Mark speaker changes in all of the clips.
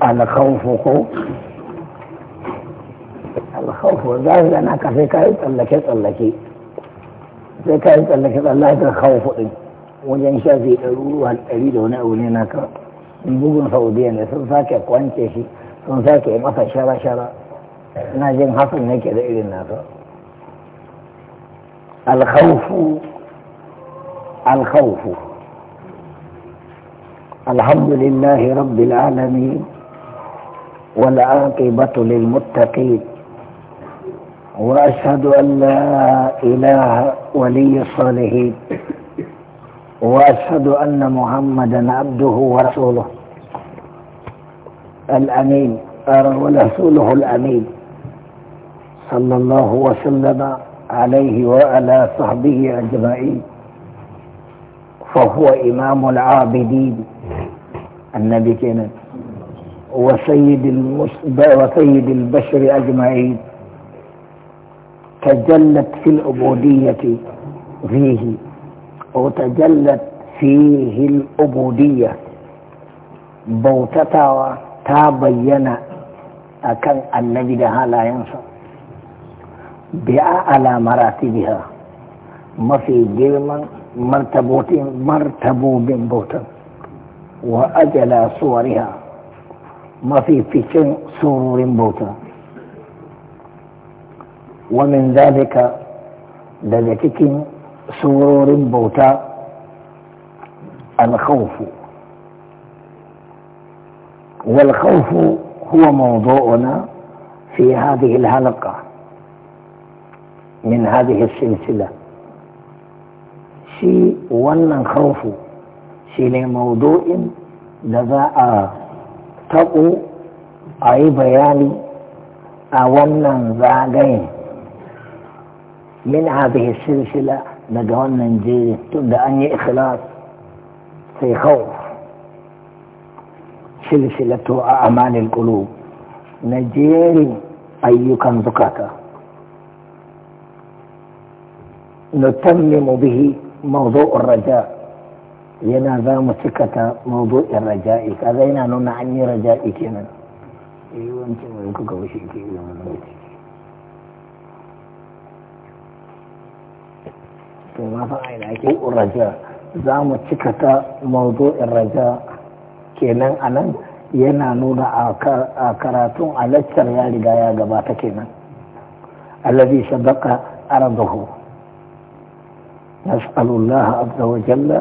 Speaker 1: alkhawfu ko alkhawfu za su gana sai kayi tsallake tsallake sai kayi tsallake tsallake ka khawfu din wajen sha zai har ɗari da wani abu ne na ka bugun saudiya ne sun sake kwance shi sun sake yi masa shara-shara ina jin hasan ne ke da irin nasa alkhawfu alkhawfu الحمد لله رب العالمين والعاقبة للمتقين وأشهد أن لا إله ولي الصالحين وأشهد أن محمدا عبده ورسوله الأمين ورسوله الأمين صلى الله وسلم عليه وعلى صحبه أجمعين فهو إمام العابدين النبي كان وسيد المسلم وسيد البشر أجمعين تجلت في العبودية فيه وتجلت فيه العبودية بوتتا تابينا أكن النبي لها لا ينسى بيع على مراتبها ما في جرما مرتبوتين مرتبو بين بوتتا وأجل صورها ما في فتن سرور بوتا ومن ذلك دلتك سرور بوتا الخوف والخوف هو موضوعنا في هذه الحلقة من هذه السلسلة شيء ونن خوفه shi ne maudu'in da za a taɓo a yi bayani a wannan zagayen min hadhihi silsila daga wannan jeri tunda an yi ikhlas sai khawf silsilatu a amanil qulub na jeri ayyukan zukata nutammimu bihi mawdu'ur raja' yana za mu cikata mawdu'in raja'i kaza yana nuna an yi raja'i kenan eh wancan wani kuka wuce ke yi wani lokaci to ma fa aina ake raja za mu cikata mawdu'in raja kenan anan yana nuna a karatun a laccar ya riga ya gabata kenan allazi sabaqa ardahu nas'alullaha azza wa jalla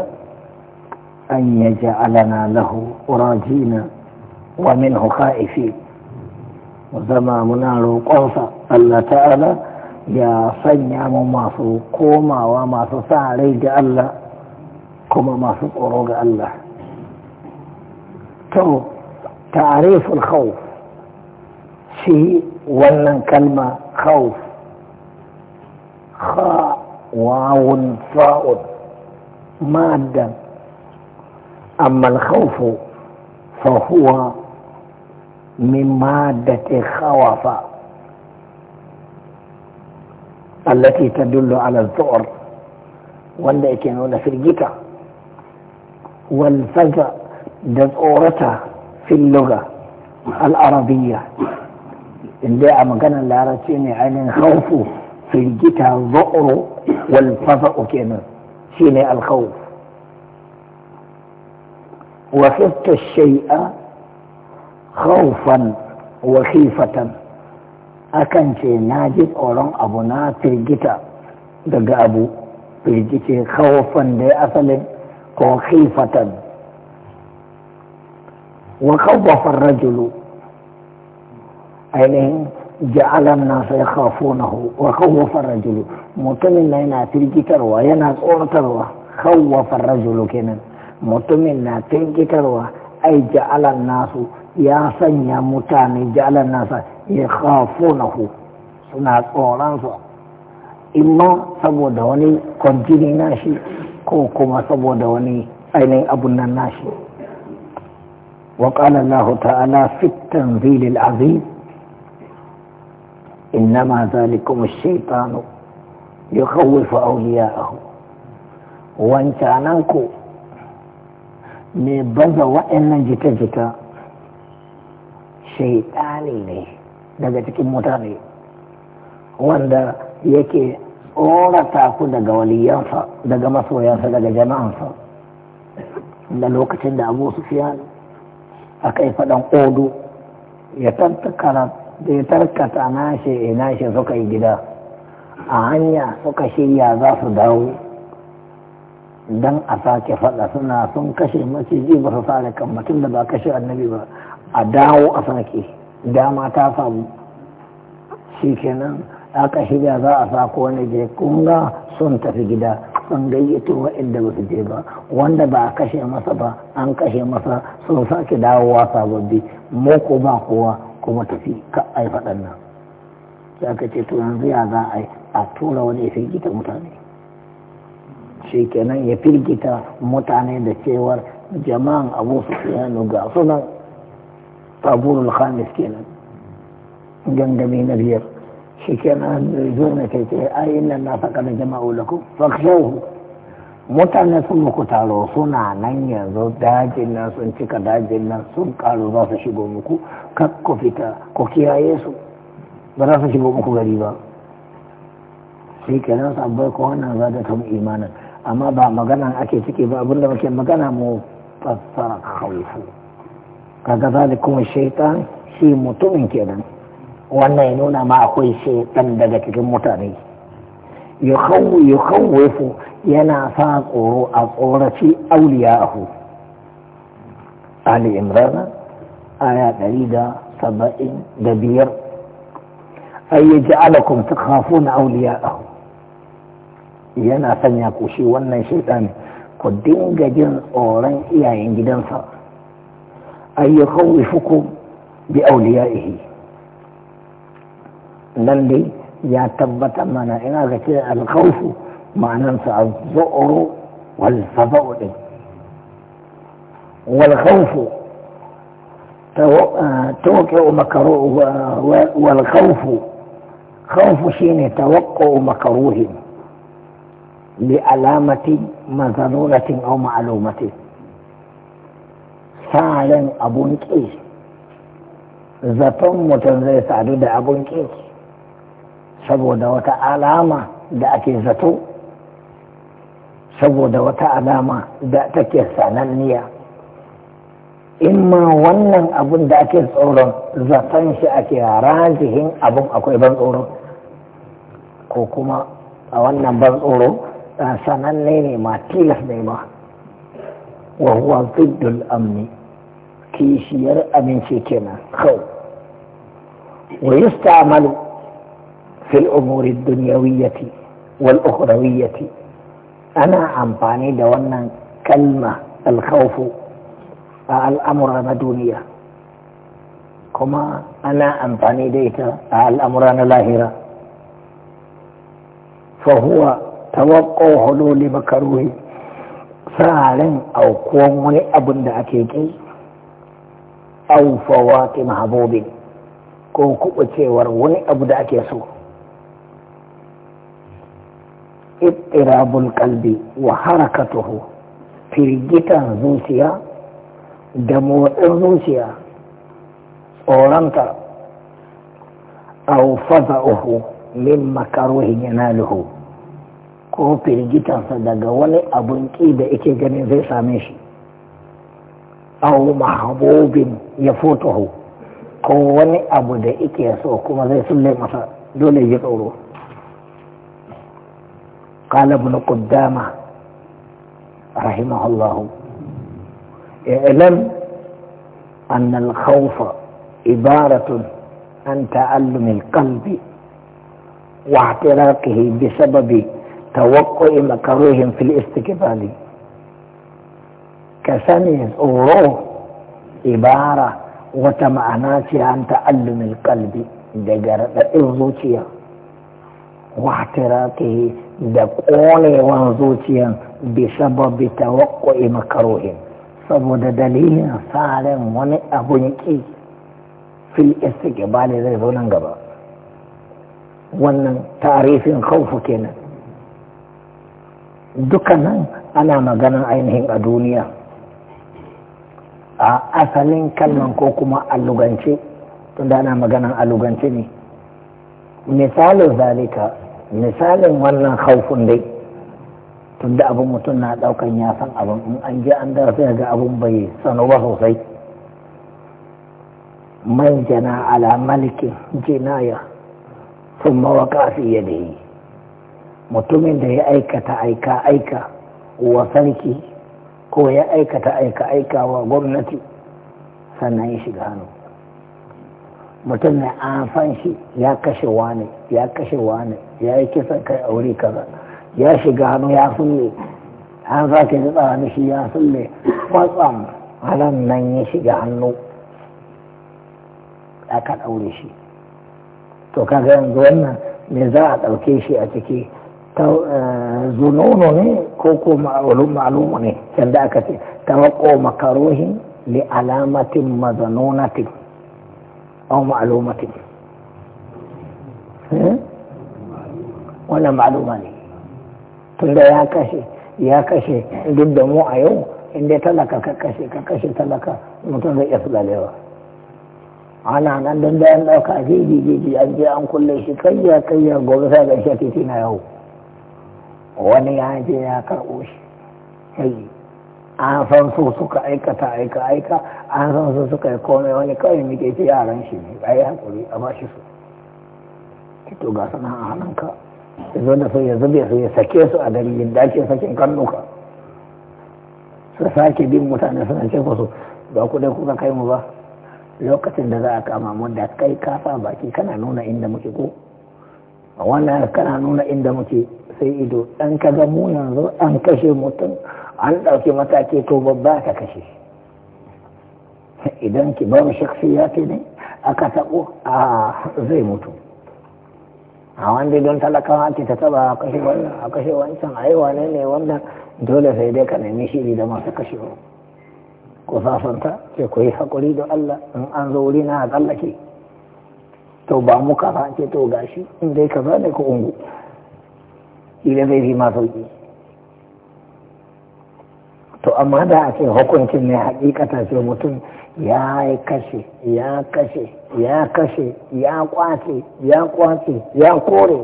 Speaker 1: أن يجعلنا له أراجينا ومنه خائفين زمامنا قوصة الله تعالى يا صنع سوقوما وما وماسو عليك الله كما ما قروج الله تو تعريف الخوف شيء ولا كلمة خوف خاء واو صاء مادة أما الخوف فهو من مادة خوف التي تدل على الذعر والذي كان هنا في الجيكا والفزع دزورتا في اللغة العربية اللي عم كان لارتيني عن الخوف في الجيكا الذعر والفزع كان شيني الخوف وفدت الشيء خوفا وخيفة أكن شيء ناجد أوران أبونا ترجتا دقا أبو ترجتا خوفا دي أصل وخيفة وخوف الرجل أي لهم جعل الناس يخافونه وخوف الرجل متن لنا ترجتا وينا أورتا خوف الرجل كمن mutumin na tinkitarwa ai ja'alan nasu ya sanya mutane ja'alan nasa ya khafunahu suna tsoronsa imma saboda wani kwanjini nashi ko kuma saboda wani ainihin abun nan nashi وقال الله تعالى في التنزيل العظيم إنما ذلكم الشيطان يخوف أولياءه وانت عنكم mai baza waɗannan jita-jita Shaiɗani ne daga cikin mutane wanda yake tsorata ku daga waliyansa daga masoyansa daga jama'ansa da lokacin da abu su sufiyan A kai faɗan odu. ya tarkata nashi nashe nashi suka yi gida a hanya suka shirya za su dawo dan a sake faɗa suna sun kashe maciji ba su sare kan mutum da ba kashe annabi ba a dawo a sake dama ta samu shi kenan aka shirya za a sa ko wani je kunga sun tafi gida sun gayyato waɗanda ba su je ba wanda ba a kashe masa ba an kashe masa sun sake dawowa sababbi mu ko ba kowa kuma tafi ka ai faɗan nan ka ce to yanzu ya za a yi a tura wani ya fi gita mutane shi kenan ya firgita mutane da cewar jama'an abu sufiyanu ga sunan taburul khamis kenan gangami na biyar shi kenan zo na ce ce ai nan na saka da jama'u lakum fakshawhu mutane sun muku taro suna nan yanzu dajin nan sun cika dajin nan sun karu za su shigo muku kar ku fita ku kiyaye su ba za su shigo muku gari ba shi kenan sabbai ko wannan za ta tamu imanin amma ba magana ake ciki ba abinda muke magana mu fassara khawfu kaga kuma shaitan shi mutumin kenan wannan ya nuna ma akwai shaitan daga cikin mutane yukhawwifu yana sa tsoro a tsoraci auliyahu ali a aya ɗari da saba'in da biyar ta ay yaj'alakum takhafuna awliya'ahu yana sanya ku shi wannan shaitan ku dinga jin tsoron iyayen gidansa ay yakhawifukum bi awliyaihi nan dai ya tabbata mana ina ga ce alkhawfu ma'anansa az-zu'ru wal fada'u din wal khawfu توقع wal khawfu khawfu shine توقع مكروه li'alamati mazanuratin auma ma'alumati sa-ran abun ƙi zaton mutum zai sadu da abun ƙi saboda wata alama da ake zato saboda wata alama da take sananniya in ma wannan abun da ake tsoron zaton shi ake rajihin abun akwai ban tsoro ko kuma a wannan ban tsoro سنلني ما كيلح ديما وهو ضد الأمن كيش يرأمن سيكينا خو ويستعمل في الأمور الدنيوية والأخروية أنا عم باني دونا كلمة الخوف الأمر مدونية كما أنا عم باني ديتا الأمران لاهرة فهو tawakkau hululi makaruhi sa'arin aukuwan wani abin da ake ki au fawati mahabobin ko cewar wani abu da ake so ittirabul kalbi wa harakatuhu firgitan zuciya da motsin zuciya tsoronta au uhu min makaruhin luhu ko firgitansa daga wani abun ƙi da ike ganin zai same shi au mahabobin ya fotohu ko wani abu da ike so kuma zai sulle masa dole ya tsoro qala ibn quddama rahimahullahu اعلم أن الخوف عبارة عن تألم القلب واحتراقه بسبب توقع مكروهم في الاستقبال كسنة أوروه عبارة وتمعنات عن تألم القلب دقر الزوتية واحتراقه دقون وانزوتيا بسبب توقع مكروهم سبب دليل سالم ونأبنكي في الاستقبال ذي ذو ننقبه وان تعريف خوفك نت dukkanin ana maganar ainihin a duniya a asalin kalman ko kuma allugance tunda ana maganan allugance ne misalin zalika misalin wannan haufun dai tunda abin mutum na daukan ya san abin in an je an dara sai ga abin bai sanu ba sosai man jana ala malikin jinaya sun mawaka fiye da yi mutumin da ya aikata aika aika wa sarki ko ya aikata aika aika wa gwamnati sannan ya shiga hannu mutum na an san shi ya kashe wane ya kashe wane ya yi kisan kai a wuri kaza ya shiga hannu ya sulle an za ka ji tsara shi ya sulle kwatsam halan nan ya shiga hannu aka ɗaure shi to kaga yanzu wannan me za a ɗauke shi a ciki Eh, zunono ne ko ko ma'alumu ne yadda aka ce tawakko makarohin li alamatin mazanonatin au ma'alumatin hmm? wannan ma'aluma ne tunda ya kashe ya kashe duk da mu a yau inda talaka ka kashe ka kashe talaka mutum zai iya fulalewa ana nan don da yan ɗauka jeji jeji an je an kulle shi kai ya kai ya gobe sai ga shi titi na yau wani ya je ya karɓo shi sai an san su suka aikata aika aika an san su suka yi komai wani kawai muke ce yaran shi ne a hakuri a ba shi su to ga sana a hannunka ya zo da su ya zube su ya sake su a gari da ake sakin karnuka su sake bin mutane suna ce ku su ba ku dai kuka kai mu ba lokacin da za a kama mu da kai kasa baki kana nuna inda muke ko wannan kana nuna inda muke sai ido ɗan ka ga mu yanzu an kashe mutum an ɗauki mataki to babba ka kashe idan ki ba mu ke ne aka taɓo a zai mutu a wanda don talakawa ke ta taɓa a kashe wannan a kashe wancan a yi wane ne wannan dole sai dai ka nemi shiri da masu kashewa ku sasanta ke ku yi haƙuri da Allah in an zo wuri na a tsallake to ba mu kafa ce to gashi in dai kaza ne ko ungu idan zai fi ma sauki to amma da a ce hukuncin ne hakikata ce mutum ya kashe ya kashe ya kashe ya kwace ya kwace ya kore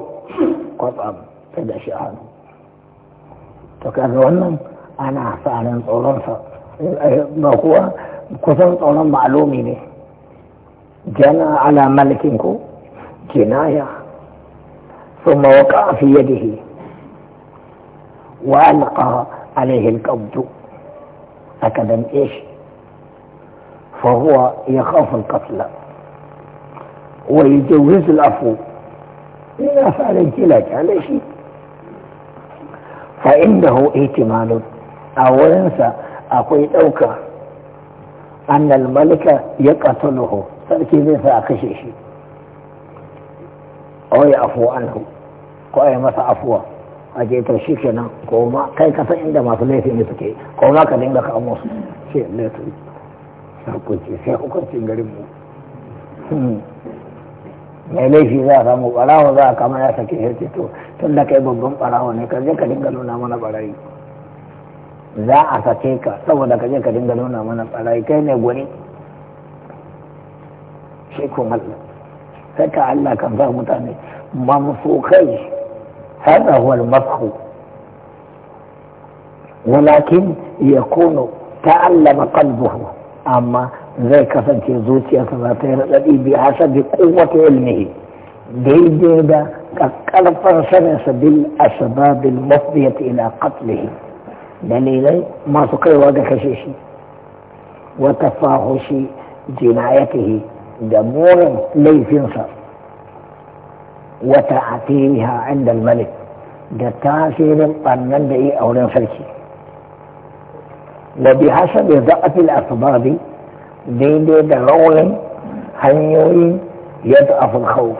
Speaker 1: kwatsam ta da shi hannu to kaga wannan ana sa ran tsoronsa eh, eh, ba kuwa kusan tsoron ma'alumi ne جنى على ملك جناية ثم وقع في يده وألقى عليه القبض أكدا إيش فهو يخاف القتل ويجوز العفو من فعل الجلاج على شيء فإنه أو ينسى أقول أوكا أن الملك يقتله sarki zai sa kashe shi ya afuwa anhu ko ya masa afuwa a je shi kenan ko ma kai kasa inda masu laifi ne suke ko ma ka dinga ka musu ce laifin sarkunci sai hukuncin garin mu hmm. mai laifi za a samu barawa za a kama ya sake hirce to tun da kai babban barawa ne ka je ka dinga nuna mana barayi za a sake ka saboda ka je ka dinga nuna mana barayi kai ne gwani شيكو ملي فكا علا كان فهم تاني منفوخي هذا هو المفخو ولكن يكون تعلم قلبه أما ذلك فانتي زوتي أثناتير الذي بحسب قوة علمه دي ديدا كالقلب فرسنس بالأسباب المفضية إلى قتله دليل ما سقي وادك شيشي وتفاهش جنايته دموع ليس ينصر وتعطيها عند الملك جتاسر قنن بي او ننصرشي وبحسب ضعف الاسباب دين دي دغول هنيوي يضعف الخوف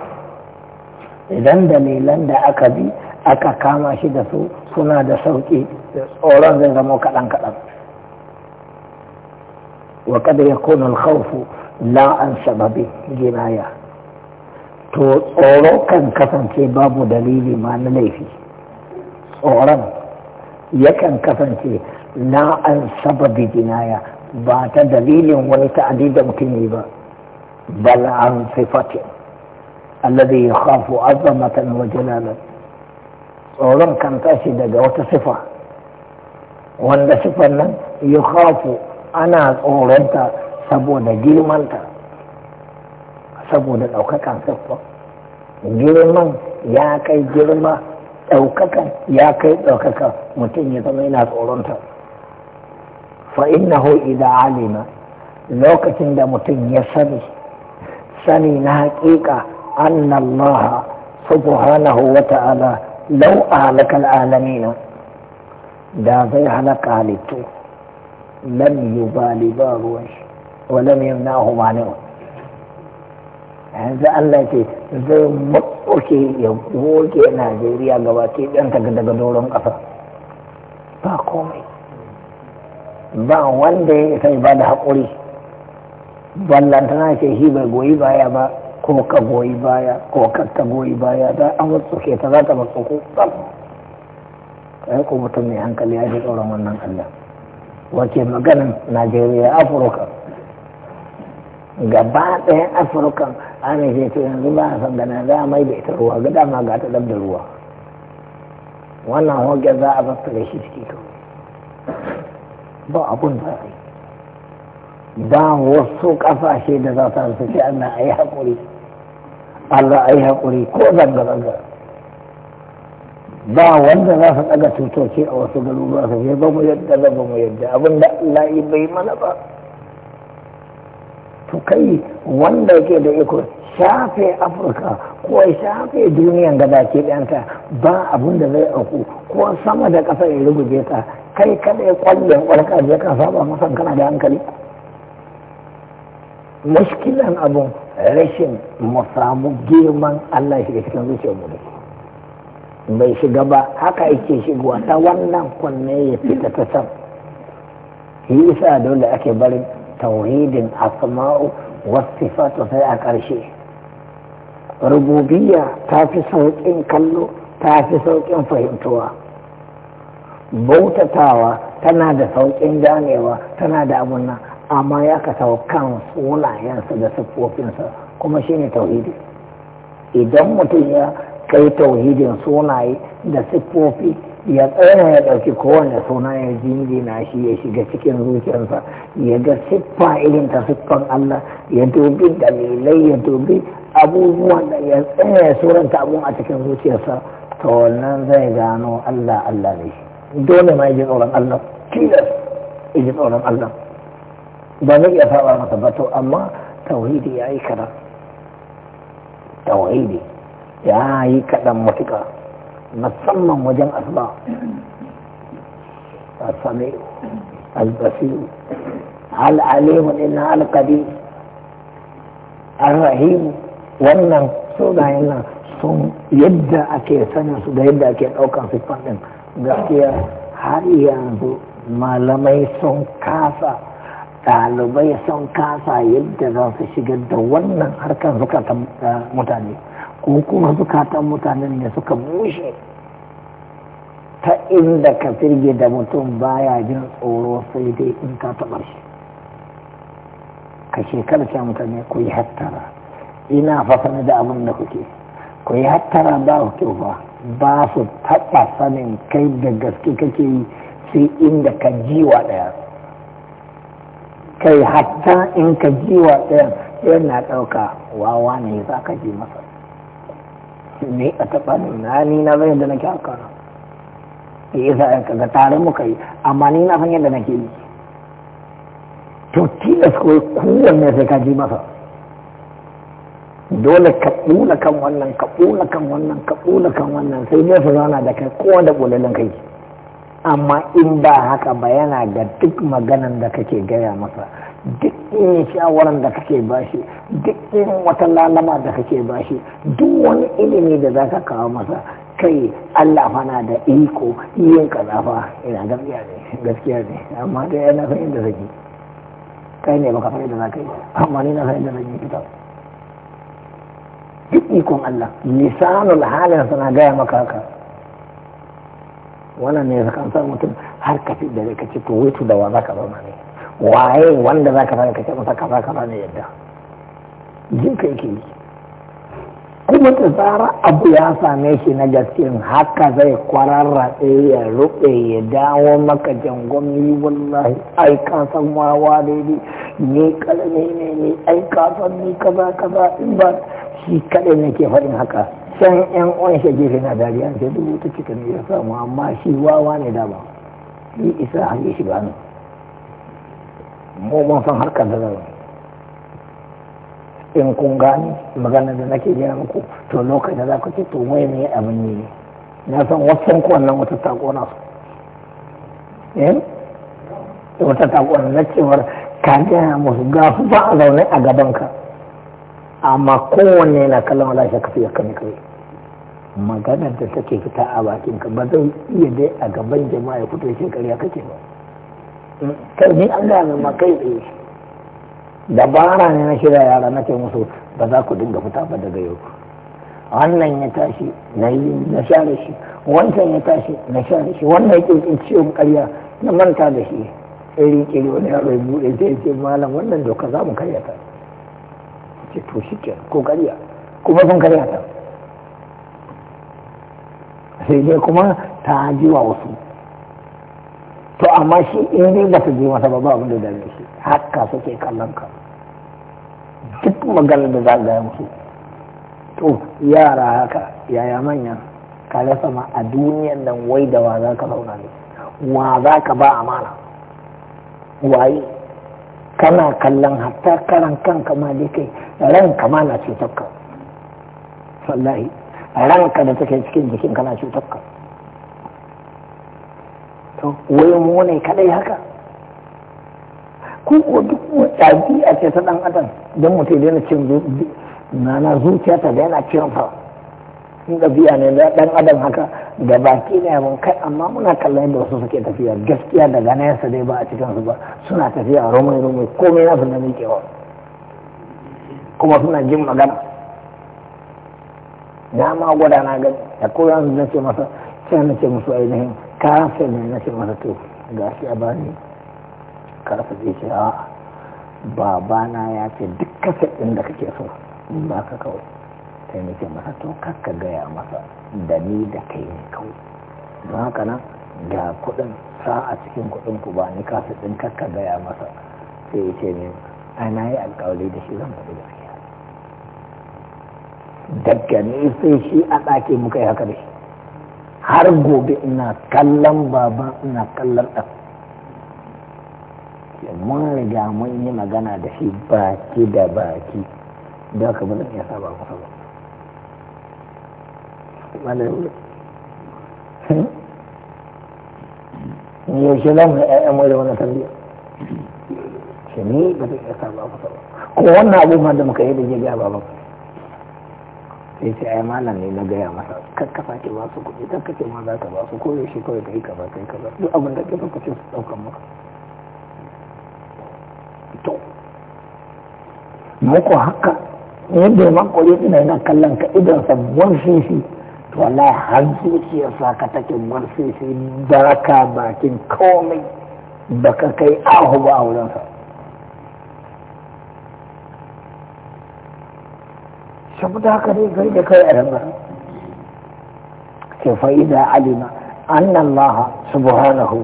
Speaker 1: اذن دليلا دا اكدي اكا كاما شدسو سنا دا سوكي اولان زنزمو كدن كدن وقد يكون الخوف لا عن سبب الجناية تو أورو كان كفن في باب دليل ما نليفي أوران يكن كفن في لا عن سبب الجناية بات دليل ونتعديد مكنيبا بل عن صفة الذي يخاف عظمة وجلالة أوران كان تأشد جوات صفة وان صفة يخاف أنا أورنت saboda girmanta saboda ɗaukakan siffa girman ya kai girma ɗaukakan ya kai ɗaukaka mutum ya zama yana tsoronta fa innahu idza alima lokacin da mutum ya sani sani na haƙiƙa anna Allah subhanahu wa ta'ala law ahlaka alamin da zai halaka halittu lam yubali ba ruwan shi ولم يمنعه مانع yanzu Allah ce zai maɓoke ya goge Najeriya gaba ɗan ɗanta daga doron ƙasa ba komai ba wanda ya isa ba da haƙuri ballantana ce shi bai goyi baya ba ko ka goyi baya ko ka ta goyi baya da an wasu ke ta za ta matsu ko tsam kai ko mutum mai hankali ya ji tsoron wannan Allah wake maganin Najeriya Afirka gaba ɗayan afirkan ana ce ce yanzu ba a san gana za a mai da ita ruwa gada ma ga ta ɗab da ruwa wannan hoge za a basta da shi ciki to ba abun da ai ba wasu ƙasashe da za su ce Allah a yi haƙuri Allah a yi haƙuri ko zanga-zanga ba wanda za su ɗaga tutoci a wasu garuruwa su ce ba mu yadda ba mu yadda abin da Allah bai mana ba to kai wanda ke da iko shafe afirka ko shafe duniyan gada ke ɗanta ba abin da zai auku ko sama da ƙasa ya rubuce ta kai kada ya kwalle ƙwarka ya ka saba masa kana da hankali mushkilan abun rashin mu girman Allah shi da cikin zuciyar mu bai shiga ba haka yake shigowa ta wannan kunne ya fita ta can yi isa dole ake bari. Tauhidin asma'u wasifatu sai a ƙarshe rububiyya ta fi sauƙin kallo ta fi sauƙin fahimtuwa bautatawa tana da sauƙin ganewa tana da abun nan amma ya ka kan sunayensa da siffofinsa kuma shine tauhidi idan mutum ya kai tauhidin sunaye da siffofi ya tsaya ya ɗauki kowane suna ya jingina shi ya shiga cikin zuciyarsa ya ga siffa irin ta siffan Allah ya dubi dalilai ya dubi abubuwan da ya tsaya ya suranta abun a cikin zuciyarsa to wannan zai gano Allah Allah ne dole ma ji tsoron Allah tilas ji tsoron Allah ba zai iya saba masa ba to amma tauhidi ya yi kaɗan tauhidi ya yi kaɗan matuƙa musamman wajen asba السميع البصير هل عليم إنها al الرحيم wannan sunayen nan sun yadda ake sanin su da yadda ake ɗaukar siffan ɗin gaskiya har yanzu malamai sun kasa ɗalibai sun kasa yadda za su shigar da wannan harkar zukatan eh, mutane ko kuma zukatan mutanen ne suka bushe ta inda ka firge da mutum baya jin tsoro sai dai in ka taɓa shi ka shekara ce mutane ku yi hattara ina fasani da abin da kuke ku yi hattara ba ku kyau ba ba su taɓa sanin kai da gaske kake yi sai inda ka jiwa ɗaya kai hatta in ka jiwa ɗaya yana ɗauka wawa ne za ka ji masa ne a taɓa na ni na zai da nake haka na ya yi ka ga tare muka yi amma ni na san yadda nake yi to tilas kawai kowanne sai ka ji masa dole ka ɓula kan wannan ka ɓula kan wannan ka ɓula kan wannan sai dai su zauna da kai kowa da ɓulalin kai amma in ba haka ba yana ga duk maganan da kake gaya masa duk irin shawaran da kake bashi duk irin wata lalama da kake bashi duk wani ilimi da za ka kawo masa kai Allah fana da iko yin kazafa fa ina gaskiya ne gaskiya ne amma ya yana san da zaki kai ne baka fara da za ka yi amma ni na san da zaki fita duk ikon Allah lisanul halin sana gaya maka haka wannan ne zakan kan sa mutum har ka fi da ka to wai to da wa za ka zama ne waye wanda za ka fara ka ce kaza kaza ne yadda jin ka yake yi kuma ta tsara abu ya same shi na gaske haka zai kwararra ya ruɓe ya dawo maka jangwami wallahi ai ka san wawa daidai ni kalame ne ne ai ka san ni kaza kaza in ba shi kaɗai ke faɗin haka can yan uwan shi gefe na dariya sai dubu ta cika ne ya samu amma shi wawa ne dama ni isa hange shi gano mu mun san harkar da zai in kun gani magana da nake gina muku to lokacin da za ku ce to mai ne abin ne na san wasan ku wata takona na su eh wata takona na cewar ka gaya musu ga ba a zaune a gabanka ka amma kowanne na kallon wala shaka fiye kan kai maganar da take fita a bakinka ba zai iya dai a gaban jama'a ya fito shekaru kariya kake ba kai ni an gaya ma kai tsaye dabara ne na shirya yara na ce musu ba za ku dinga fita ba daga yau wannan ya tashi na yi na share shi wancan ya tashi na share shi wannan ya kirkin ciwon karya na manta da shi tsiri kiri wani yaro ya buɗe ta ya ce malam wannan doka za mu karya ta ce to shi ke ko karya kuma sun karya ta sai dai kuma ta ji wa wasu to amma shi in dai ba su je masa ba ba abin da dame shi haka suke kallon ka duk magana da za ga musu to yara haka yaya manya ka rasa ma a duniyan nan wai da wa za ka zauna ne wa za ka ba amana waye kana kallon hatta karan kanka ma dai kai ranka ma na cutar ka wallahi ranka da take cikin jikin kana cutar ka wai mu ne kadai haka ko ko duk tsabi a ce ta dan adam dan mutum daina cin na zuciya ta yana cin fa in biya ne na dan adam haka da baki ne mun kai amma muna kallon da wasu suke tafiya gaskiya daga nesa dai ba a cikin su ba suna tafiya romai romai komai na suna miƙewa kuma suna jin magana dama gwada na gani da koyan na ce masa sai na ce musu ainihin kasa ne na ce mana to ga shi a bani karfa zai ce a babana ya ce duk kasa ɗin da kake so in ba ka kawai sai nake ce to kakka gaya masa da ni da kai ne kawai don haka nan ga kuɗin sa a cikin kuɗin ku ba ni kasa ɗin kakka gaya masa sai ya ce ne ana yi alƙawari da shi zan faɗi gaskiya daga ne sai shi a ɗaki muka yi haka da shi har gobe ina kallon baba ina kallon ɗan mun riga mun yi magana da shi baki da baki da ka ba zan iya saba kusa ba ya shi zan mai ƴaƴan mai da wannan tarbiyya shi ne ba zan iya saba kusa ba ko wannan abubuwan da muka yi da jirgin ababen sai ce ai malam ne na gaya masa kakkafa ke ba su kuɗi kakkace ma za ka ba su koyo shi kawai ka yi ka ba kai ka ba duk abin da ke lokacin su ɗaukan maka to muku haka yadda ya makwari suna yana kallon ka idan sabuwar sisi to wallahi har zuciyarsa ka take gwarsisi ba ka bakin komai baka kai ahu ba a wurinsa saboda haka dai gari da kai a raba ce fa'ida alima an Allah subhanahu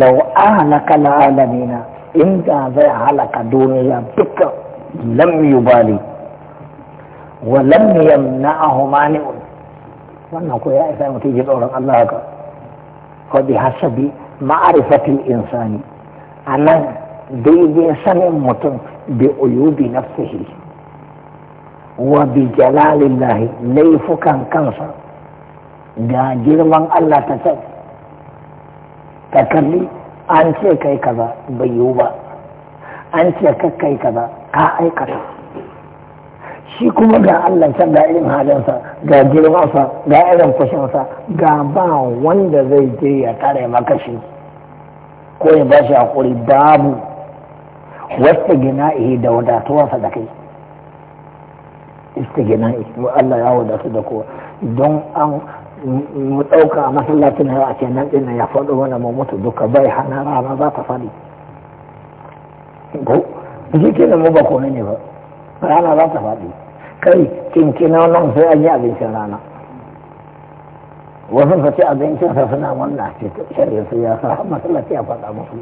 Speaker 1: lau ahlaka alamina inda zai halaka duniya duka lam yubali wa lam yamna'ahu mani'un wannan ko ya isa mutum ji tsoron Allah haka ko bi hasabi ma'arifatil insani anan daidai sanin mutum bi uyubi nafsihi wa bi jalalillahi laifukan kansa ga girman Allah ta ce ta kalli an ce kai kaza bai yiwu ba an ce kai kaza ka aikata shi kuma ga Allah can da irin halinsa ga girmansa ga irin fushinsa ga ba wanda zai je ya tare maka shi ko ya ba shi hakuri babu gina gina'ihi da wadatuwarsa da kai istigina Allah ya wadatu da kowa don an mu ɗauka a masallacin a ce nan ɗin ya faɗo wani mu mutu duka bai hana rana za ta faɗi ko shi ke mu ba kone ne ba rana za ta faɗi kai kinkina nan sai an yi abincin rana wasu su ci abincin sa suna wannan ce shari'a su ya sa masallaci ya faɗa musu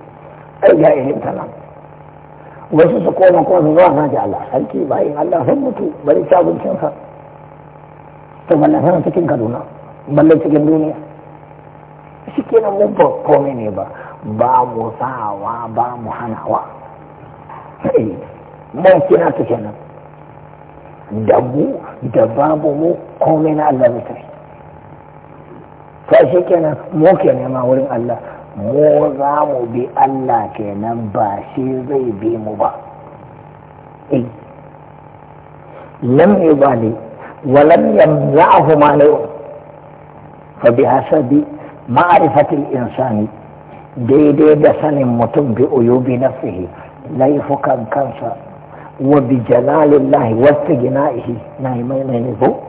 Speaker 1: ai ga irin ta nan wasu su koma kuma su zuwa na Allah sarki bai Allah sun mutu bari ci abincinsa to balle sana cikin kaduna balle cikin duniya shi nan mun ba kome ne ba ba mu sawa ba mu hanawa eh, mun kina ta kenan da mu da babu mu kome na Allah mutum sai shi nan mu ke nema wurin Allah mu za mu bi Allah kenan ba shi zai bi mu ba eh. lam yubali wa lam yamna'hu ma lahu fa bi hasabi ma'rifati insani daidai da sanin mutum bi na nafsihi laifukan kansa wa bi wata wa istigna'ihi na mai ne ko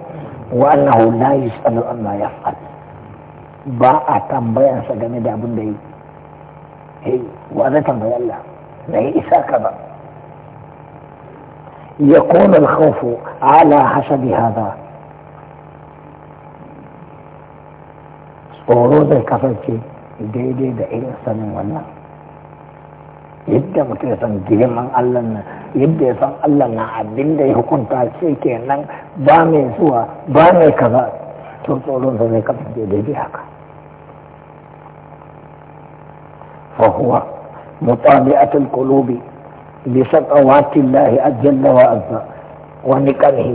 Speaker 1: wa annahu la yus'alu amma yaf'al ba a tambayansa game da abin da yi hey eh, wa zai tambayi Allah na yi isa ka ba ya kone alkhawfu ala hasabi hada tsoro zai kasance daidai da irin sanin wannan yadda mutum ya san girman Allah na yadda ya san Allah na abin da ya hukunta shi kenan ba mai zuwa ba mai kaza to tsoron zai kasance daidai haka وهو مطالعة القلوب لسطوات الله جل وعز ونقمه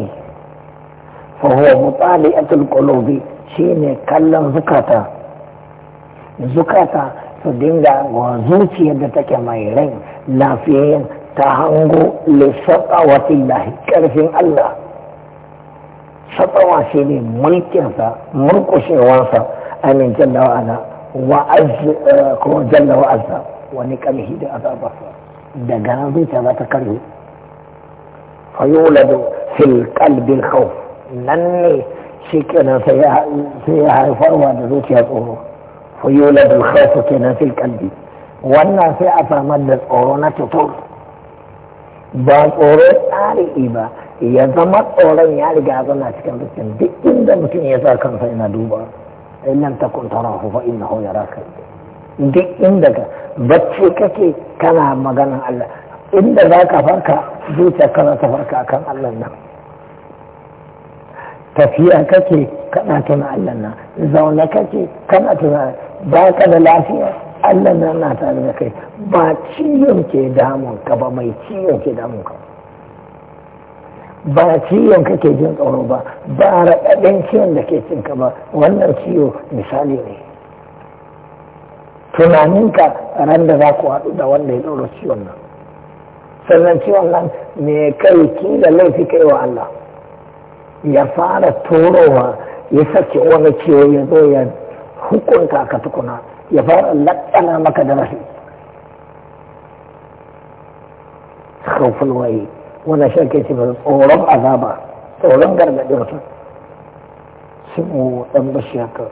Speaker 1: فهو مطالعة القلوب شين كلا زكاتا زكاتا فدينغا وزوتي يدتك ميرين لا فيهم تهنغو لسطوات الله كرفين الله سطوة شيني ملكنسا مركشي وانسا أمين جل وعلا وعز كما جل وعز ونكره عذاب دقنا زوجة ذات كره فيولد في القلب الخوف نني شكنا سيها فروا زوجة الأورو فيولد الخوف كنا fil القلب wannan sai a samar da tsoro na tutur ba tsoro tsari'i ba ya zama tsoron ya riga zana cikin zuciya duk inda mutum ya sa kansa yana duba in lam takun tarahu fa innahu yaraka duk inda ka bacci kake kana maganan Allah inda za ka farka zuciya kana ta farka kan Allah nan tafiya kake kana tuna Allah nan zaune kake kana tuna ba ka da lafiya Allah nan na tare da kai ba ciwon ke damun ka ba mai ciwon ke damun ka ba ciwon kake jin tsoro ba ba raɗaɗen ciwon da ke cinka ba wannan ciwo misali ne tunaninka ran da za ku haɗu da wanda ya ɗaura ciwon nan sannan ciwon nan me kai ki da laifi kai wa Allah ya fara torowa ya sake wani ciwo ya zo ya hukunta ka tukuna ya fara laƙana maka da rashi waye wanda shi ake ce tsoron azaba tsoron gargaɗin su sun ɗan bashi haka